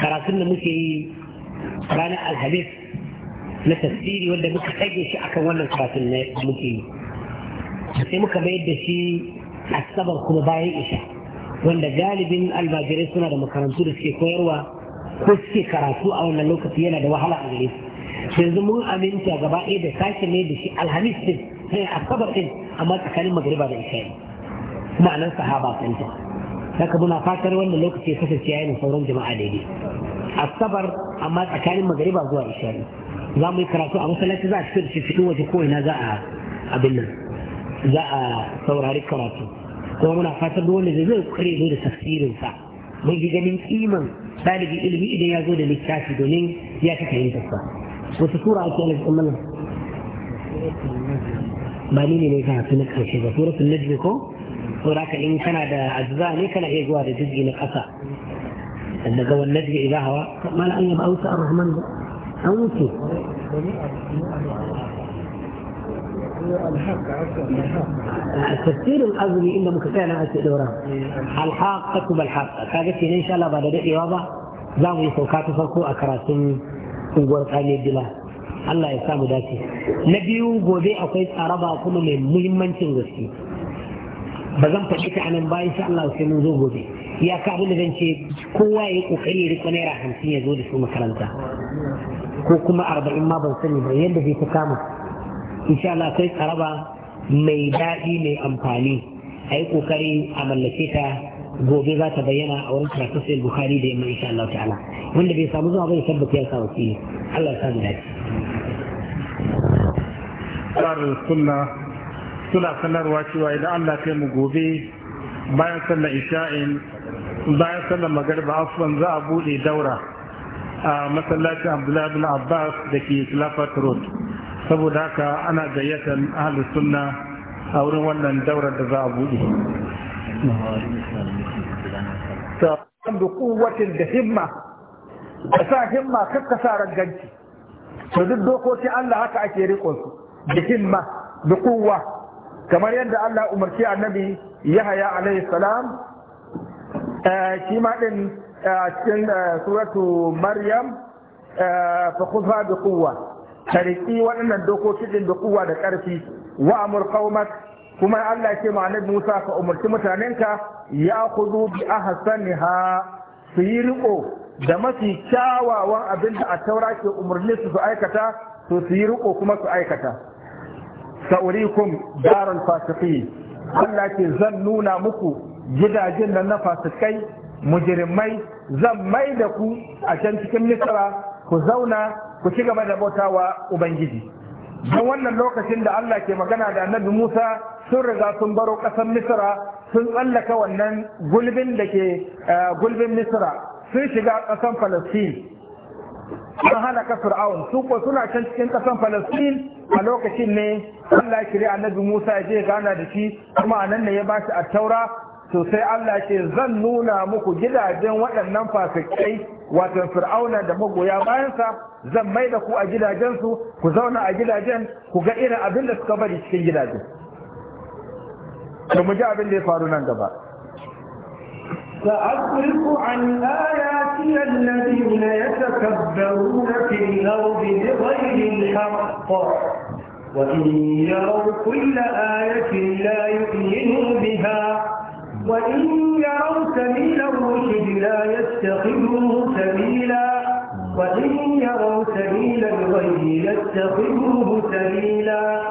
karatun da muke yi ranar alhamis na tafsiri wanda muka tsage shi akan wannan karatun na muke yi sai muka mayar da shi asabar kuma bayan isha wanda galibin almajirai suna da makarantu da suke koyarwa ko suke karatu a wannan lokaci yana da wahala a gare su yanzu mun aminta gaba ɗaya da sake ne da shi alhamis din sai sabar din amma tsakanin magariba da isha ne ma'anar sahaba sun ta haka muna fatar wannan lokaci ya kasance yayin sauran jama'a daidai asabar amma tsakanin magariba zuwa isha ne za mu yi karatu a masallaci za a fito da shi waje ko ina za a abin nan za a saurari karatu kuma muna fatan da wanda zai kare zo da tafsirinsa mun ji ganin kiman ɗalibin ilimi idan ya zo da littafi domin ya fi fahimtarsa wata sura ake alif ɗin ba ni ne mai karatu na ƙarshe ba suratul najmi ko saboda haka in kana da azza ne kana iya zuwa da jizgi na ƙasa daga wannan jizgi idan hawa mala an yaba ausa ar-rahman ba an wuce tafsirin azumi inda muka tsaya nan ake daura alhaqatu bal haqa kaga ce ne ba da dadewa ba za mu yi sauka ta farko a karatun unguwar tsale dila Allah ya samu dace na biyu gobe akwai tsaraba kuma mai muhimmancin gaske ba zan faɗi ta anan ba insha Allah sai mun gobe ya ka abin da zan ce kowa ya yi kokari ya riko naira hamsin ya zo da su makaranta ko kuma arba'in ma ban sani ba yadda zai ta kama insha Allah akwai karaba mai daɗi mai amfani a yi ƙoƙari a mallake ta gobe za ta bayyana a wurin karatu sai bukhari da yamma insha Allah ta'ala wanda bai samu zuwa bai tabbata ya sa wakili Allah ya samu dace tsarin sunna suna sanarwa cewa idan Allah kai mu gobe bayan sallar isha'in bayan sallar magariba afwan za a bude daura a masallacin Abdullahi bin Abbas da ke Khilafat Road saboda haka ana gayyatar ahalus sunna a wurin wannan daurar da za a buɗe san da kuwatin da himma ka sa himma kakka sa ranganci to duk dokokin Allah haka ake rikon da himma da kuwa kamar yadda Allah umarci annabi Yahaya alaihi salam eh, shi ma din eh, cikin eh, suratu Maryam fa khudha bi quwwa tariki waɗannan dokokin din da kuwa da ƙarfi wa amur kuma Allah ya ce ma annabi Musa ka umarci mutanenka ya khudu bi ahsaniha su yi riko da mafi kyawawan abin da a taura ke umarni su su aikata to su yi riko kuma su aikata sa'urikum darul fasiqi Allah ke zan nuna muku gidajen nan na fasikai mujirimai zan mai da ku a can cikin misra ku zauna ku ci gaba da bautawa ubangiji don wannan lokacin da Allah ke magana da annabi Musa sun riga sun baro ƙasar Misra sun tsallaka wannan gulbin da ke eh, gulbin Misra sun shiga ƙasar Falastin sun kasar awon su ko suna can cikin ƙasar Falastin a lokacin ne Allah ya kiri annabi Musa ya je gana da shi kuma a nan ne ya ba shi a taura to sai Allah ce zan nuna muku gidajen waɗannan fasikai wato fir'auna da magoya bayansa zan mai da ku a gidajensu ku zauna a gidajen ku ga irin abin da suka bari cikin gidajen mu ji abin da ya faru nan gaba سأصرف عن آياتي الذين يتكبرون في الأرض بغير الحق وإن يروا كل آية لا يؤمنوا بها وإن يروا سبيل الرشد لا يتخذوه سبيلا وإن يروا سبيل الغي يتخذوه سبيلا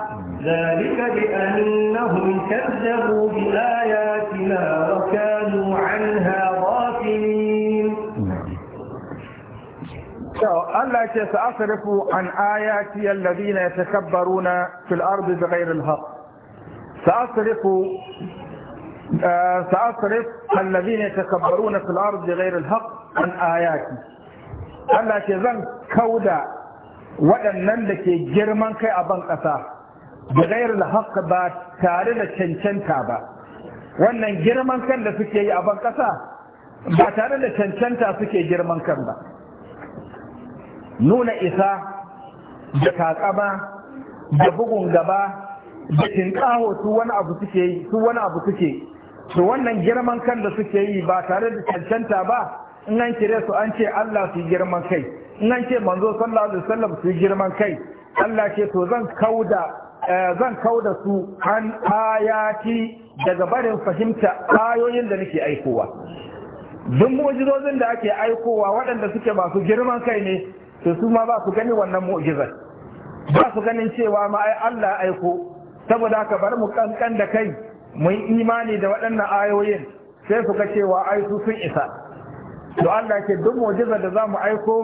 ذلك بأنهم كذبوا بآياتنا وكانوا عنها غافلين الله سأصرف عن آياتي الذين يتكبرون في الأرض بغير الحق سأصرف سأصرف الذين يتكبرون في الأرض بغير الحق عن آياتي Allah ce zan kauda waɗannan da ke girman kai a ban ƙasa da gairar haka ba tare da cancanta ba wannan girman kan da suke yi a ban ba tare da cancanta suke girman kan ba nuna isa da kakama da bugun gaba da tinkaho su wani abu suke yi to wannan girman kan da suke yi ba tare da cancanta ba in an kire su an ce Allah su girman kai in an ce manzo sallallahu alaihi wasallam su girman kai Allah ce to zan kauda eh, zan kauda su an ayati daga barin fahimta ayoyin da nake aikowa duk mu'jizozin da ake aikowa waɗanda suke masu girman kai ne to su ma ba su gani wannan mu'jizar ba su ganin cewa ma ai Allah aiko saboda haka bar mu kankan da kai mun imani da waɗannan ayoyin sai su ga wa ai su sun isa to Allah ke duk mu'jizar da zamu aiko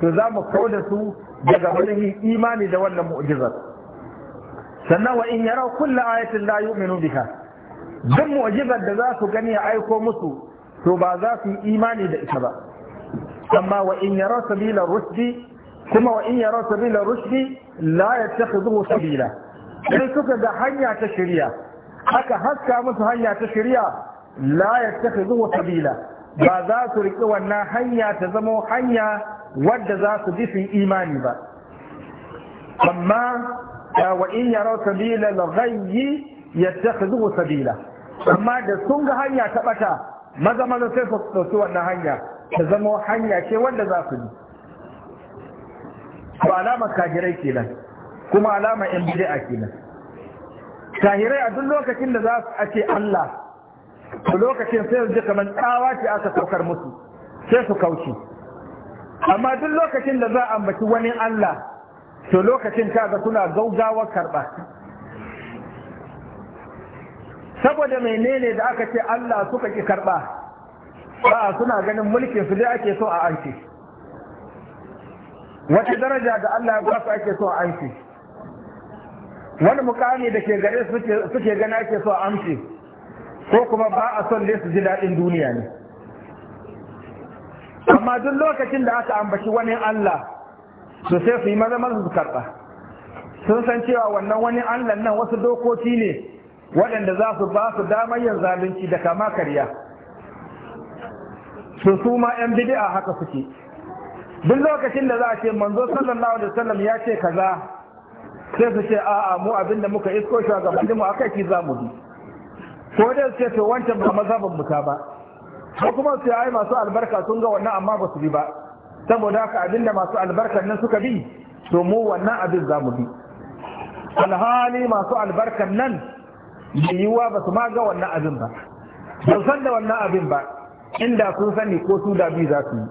to zamu kawo da su daga wani imani da wannan mu'jizar sannan wa in yaraw kullu ayatin la yu'minu biha duk mu'jizar da za su gani aiko musu to ba za su yi imani da ita ba amma wa in yaraw sabila rushdi kuma wa in yaraw sabila rushdi la yattakhidhu sabila sai suka ga hanya ta shari'a aka haska musu hanya ta shirya la zuwa sabila ba za su riƙi wannan hanya ta zama hanya wadda za su bi su imani ba amma wa in rau sabila ya tafi zuwa sabila amma da sun ga hanya ta ɓata maza maza sai su ɗauki wannan hanya ta zama hanya ce wanda za su bi ba alama kagirai kenan kuma alama yan bid'a kenan Tahirai, a duk lokacin da za su ake Allah to lokacin sai su ji kamar tsawa ce aka saukar musu sai su kauce amma duk lokacin da za a ambaci wani Allah to lokacin kaga suna gaugawar karɓa saboda menene da aka ce Allah suka ki karɓa ba suna ganin mulkin su dai ake so a anke wata daraja da Allah ya ba su ake so a anke wani mukami da ke gare suke gana ke so amshi ko kuma ba a son da su ji daɗin duniya ne amma duk lokacin da aka ambaci wani Allah su sai su yi maza su karɓa sun san cewa wannan wani Allah nan wasu dokoki ne waɗanda za su ba su damar yin zalunci da kama karya su su ma 'yan bid'a haka suke duk lokacin da za a ce manzo sallallahu alaihi wasallam ya ce kaza sai su ce a'a mu abin da muka isko shugabannin mu aka ki za mu bi ko dai su ce to wancan ba mazhaban mu ta ba ko kuma su ai masu albarka sun ga wannan amma ba su bi ba saboda haka abinda da masu albarkan nan suka bi to mu wannan abin za mu bi alhali masu albarkan nan bai yiwuwa ba su ma ga wannan abin ba ba san da wannan abin ba inda sun sani ko su da bi za su yi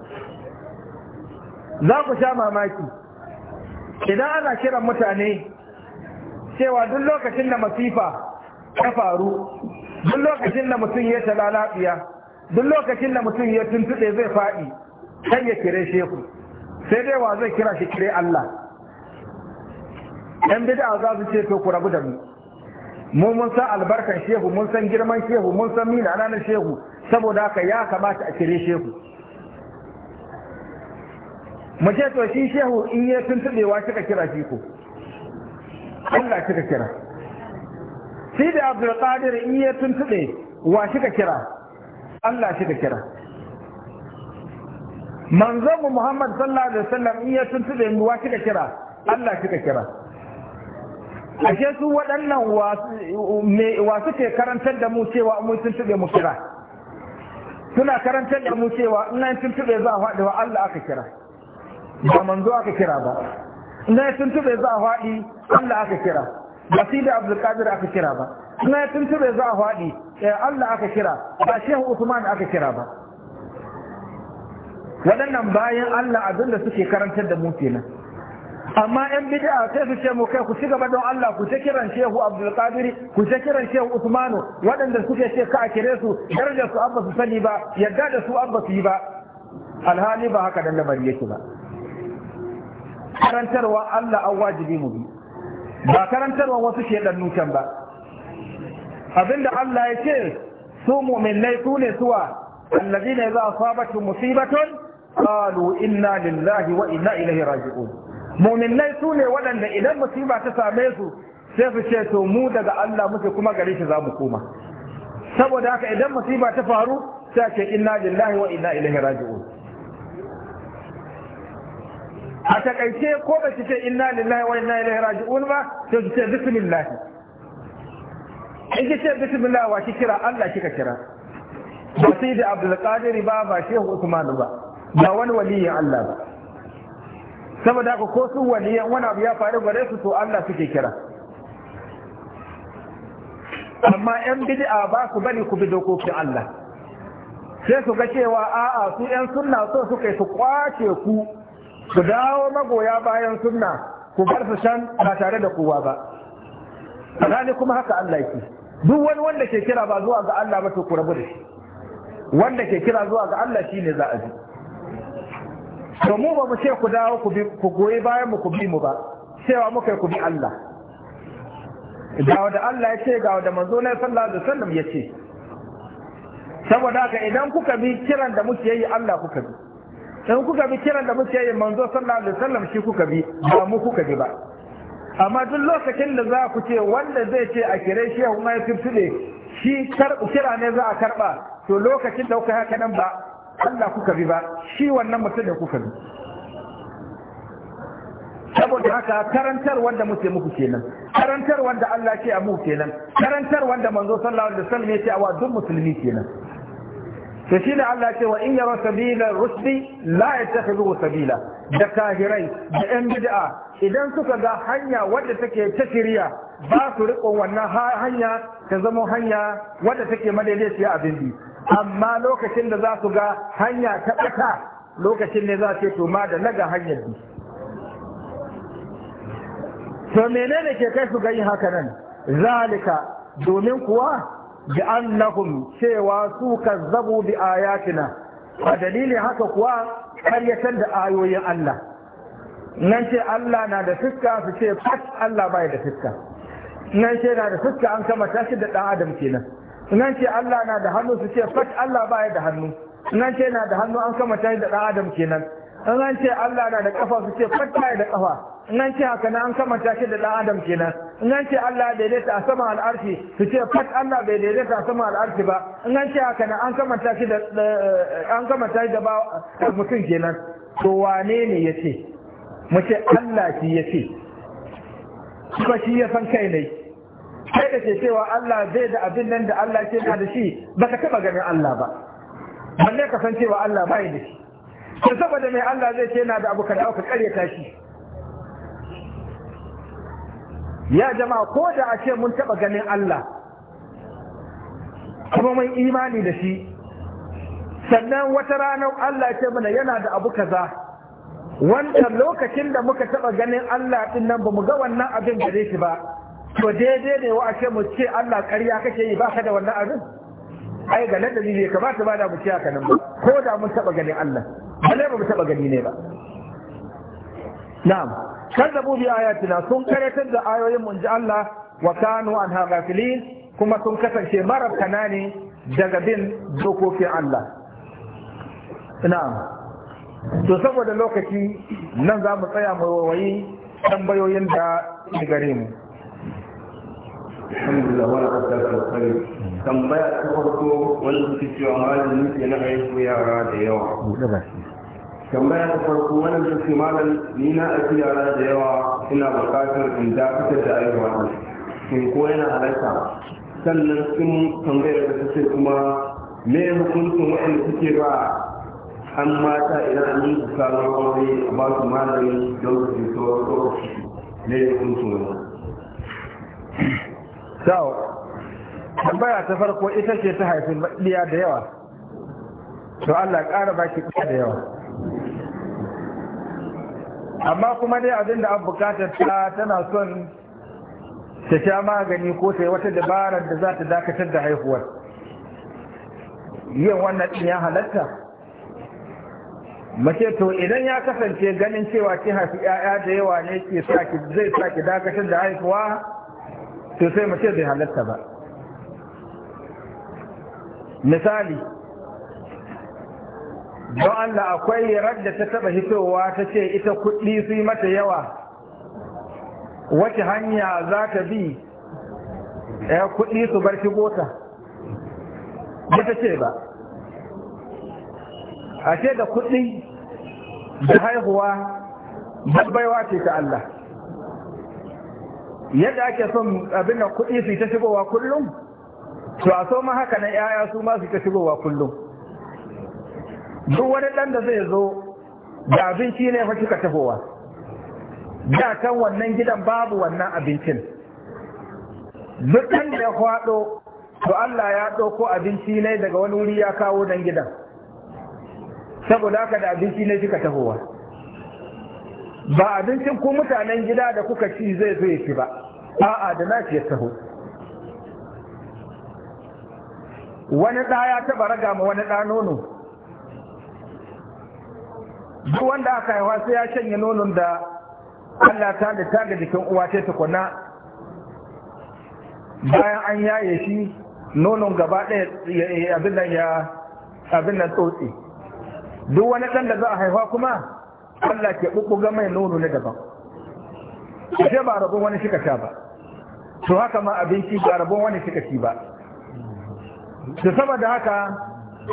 za ku sha mamaki idan ana kiran mutane cewa duk lokacin da masifa ta faru duk lokacin da mutum ya talalabiya duk lokacin da mutum ya tuntuɗe zai faɗi sai ya kire sheku sai dai wa zai kira shi kire Allah ɗan bid'a za su ce to ku rabu da mu mu mun san albarkan shehu mun san girman shehu mun san mina ranar shehu saboda haka ya kamata a kire shehu mu ce to shi shehu in ya tuntuɓewa kika kira shi ko Allah kika kira shi da Abdul Qadir in ya tuntuɓe wa kika kira Allah kika kira manzo mu Muhammad sallallahu alaihi wasallam in ya tuntuɓe mu wa kika kira Allah kika kira ashe su waɗannan wa suke karantar da mu cewa mu tuntuɓe mu kira suna karantar da mu cewa in an tuntuɓe za a faɗi wa Allah aka kira ba manzo aka kira ba ina ya tuntube za a faɗi Allah aka kira ba si da Abdulkadir aka kira ba ina ya tuntube za a faɗi eh, Allah aka kira ba Shehu Usman aka kira ba waɗannan bayan Allah abin da suke karantar da mu kenan amma yan bid'a sai su ce mu kai ku cigaba don Allah ku ta kiran Shehu Abdul Qadir ku ta kiran Shehu Usmanu waɗanda suke ce ka a kire su darajar su abba su sani ba yadda da su abba su yi ba alhali ba haka dan lamari yake ba karantarwa Allah an wajibi mu bi ba karantarwa wasu shedannu can ba abinda Allah ya ce su mu'minai su ne suwa allazina idza asabatuhum musibatun qalu inna lillahi wa inna ilaihi raji'un mu'minai su ne waɗanda idan musiba ta same su sai su ce to mu daga Allah muke kuma gare shi za mu koma saboda haka idan musiba ta faru sai ce inna lillahi wa inna ilaihi raji'un a takaice ko ba ki ce inna lillahi wa inna ilaihi raji'un ba to ki ce bismillah in ki ce bismillah wa ki kira Allah kika kira ba sai da Abdul Qadir ba ba Shehu Usman ba ba wani waliyin Allah ba saboda ko ko su waliyan wani abu ya faru gare su to Allah suke kira amma yan bid'a ba su bane ku bi dokokin Allah sai su ga cewa a'a su yan sunna so suka su kwace ku su dawo magoya bayan sunna ku bar su shan ba tare da kowa ba rani kuma haka Allah yake duk wani wanda ke kira ba zuwa ga Allah ba to ku rabu da shi wanda ke kira zuwa ga Allah shine za a ji to mu ba mu ce ku dawo ku bi ku goyi bayan mu ku bi mu ba cewa mu kai ku bi Allah ga da Allah ya ce ga da manzo na sallallahu alaihi wasallam ya ce saboda haka idan kuka bi kiran da muke yi Allah kuka bi in kuka bi kiran da muke yi manzo sallallahu alaihi wasallam shi kuka bi ba mu kuka bi ba amma duk lokacin da za ku ce wanda zai ce a kire shi ya kuma ya tuntule shi kira ne za a karba to lokacin da kuka haka nan ba Allah kuka bi ba shi wannan mutum da kuka bi saboda haka karantar wanda muke muku kenan karantar wanda Allah ke a muku kenan karantar wanda manzo sallallahu alaihi wasallam ya ce a wa duk musulmi kenan to shi da Allah ce wa in yara sabila rusdi la yattakhidhu sabila da kahirai da yan bid'a idan suka ga hanya wadda take ta shiriya ba su riko wannan hanya ta zama hanya wadda take madaidaiciya abin bi amma lokacin da za su ga hanya ta ɓata lokacin ne za su to ma da naga hanyar bi to menene ke kai su ga yin haka nan zalika domin kuwa bi annahum cewa su kazzabu bi ayatina a dalilin haka kuwa karyatar da ayoyin Allah nan ce Allah na da fuska su ce fat Allah bai da fuska nan ce na da fuska an kama tashi da dan adam kenan nan ce Allah na da hannu su ce fat Allah bai da hannu nan ce na da hannu an kama tashi da dan adam kenan nan ce Allah na da kafa su ce fat bai da kafa nan ce haka na an kama tashi da dan adam kenan in an ce Allah daidaita a sama al'arshi su ce fat Allah bai daidaita a sama al'arshi ba in an ce haka na an kamanta shi da an kamanta shi da ba mutum kenan to wane ne yace mu ce Allah shi yace kuma shi ya san kai ne kai da ke cewa Allah zai da abin nan da Allah ke da shi baka taba ganin Allah ba balle ka san cewa Allah bai da shi to saboda mai Allah zai ce yana da abu kaza ka kare shi ya jama'a ko da a ce mun taɓa ganin Allah kuma mun imani da shi sannan wata ranar Allah ya ce mana yana da abu kaza wanda lokacin da muka taɓa ganin Allah ɗin nan ba mu ga wannan abin gare shi ba to daidai ne wa a ce mu ce Allah ƙarya kake yi ba ka da wannan abin ai ga ladabi ne kamata ba da mu ce haka nan ba ko da mun taɓa ganin Allah ba ne ba mu taɓa gani ne ba na'am kazzabu bi ayatina sun karatar da ayoyin mun ji Allah wa kanu anha ghafilin kuma sun kasance marar kanani daga bin dokokin Allah na'am to saboda lokaci nan za mu tsaya mu wawayi tambayoyin da gare mu alhamdulillah tambaya da yawa tambaya ta farko wani ta ce malam ni na aiki yara da yawa ina bukatar in dakatar da aihuwa in ko yana halarta sannan sun tambayar da ta ce kuma me hukuncin waɗanda suke ba an mata idan an yi sabon aure a ba su malami don su ji sauran lokaci ne hukuncin wani. Sau, tambaya ta farko ita ce ta haifin ɗiya da yawa. To Allah ƙara baki ɗiya da yawa. amma kuma dai abin da an bukatar ta tana son ta sha magani ko ta yi wata dabarar da za ta dakatar da haihuwar yin wannan ɗin ya halatta mace to idan ya kasance ganin cewa ki haifi 'ya'ya da yawa ne ke zai sa dakatar da haihuwa to sai mace bai halatta ba misali don Allah akwai yarar da ta taba hitowa ta ce ita kuɗi su mata yawa wace hanya za ta bi ya kuɗi su bar gota? ba ta ce ba a ce da kuɗi da haihuwa baiwa ce ta Allah yadda ake son abin da kuɗi su ta shigowa kullum to a so ma haka na 'ya'ya su ma su ta shigowa kullum duk wani ɗan da zai zo da abinci ne fa kika tafowa da kan wannan gidan babu wannan abincin duk ɗan da ya kwaɗo to Allah ya ɗauko abinci ne daga wani wuri ya kawo dan gidan saboda haka da abinci ne kika tafowa ba abincin ku mutanen gida da kuka ci zai zo ya ba a'a da na ya taho wani ɗa ya taɓa raga ma wani ɗa nono duk wanda aka haifa sai ya shanye nonon da Allah ta da ta ga jikin uwa ta tukuna bayan an yaye shi nonon gaba ɗaya abin nan ya abin nan tsotsi duk wani ɗan da za a haifa kuma Allah ke ga mai nono na daban ashe ba rabon wani shika sha ba to haka ma abinci ba rabon wani shika ci ba da saboda haka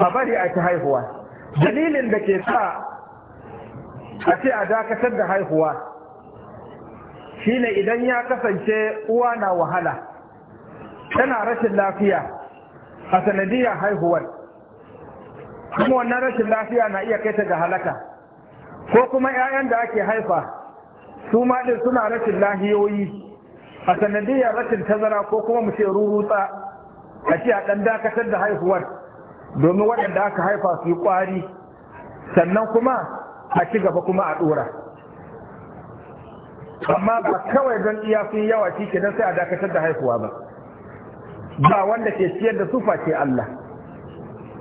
a bari a ta haihuwa dalilin da ke sa a ce a dakatar da haihuwa shine idan ya kasance uwa na wahala tana rashin lafiya a sanadiyar haihuwar kuma wannan rashin lafiya na iya kai ta ga halaka ko kuma 'ya'yan da ake haifa su ma suna rashin lahiyoyi a sanadiyar rashin tazara ko kuma mu ce rurutsa a ce a ɗan dakatar da haihuwar domin waɗanda aka haifa su yi ƙwari sannan kuma a ci gaba kuma a ɗora amma ba kawai don iya sun yawa shi ke sai a dakatar da haihuwa ba ba wanda ke ciyar da su face Allah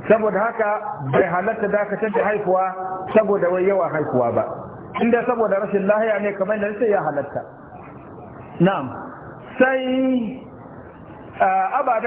saboda haka bai halatta dakatar da haihuwa saboda wai yawa haihuwa ba inda saboda rashin lahiya ne kamar da sai ya halatta na'am sai ah, abada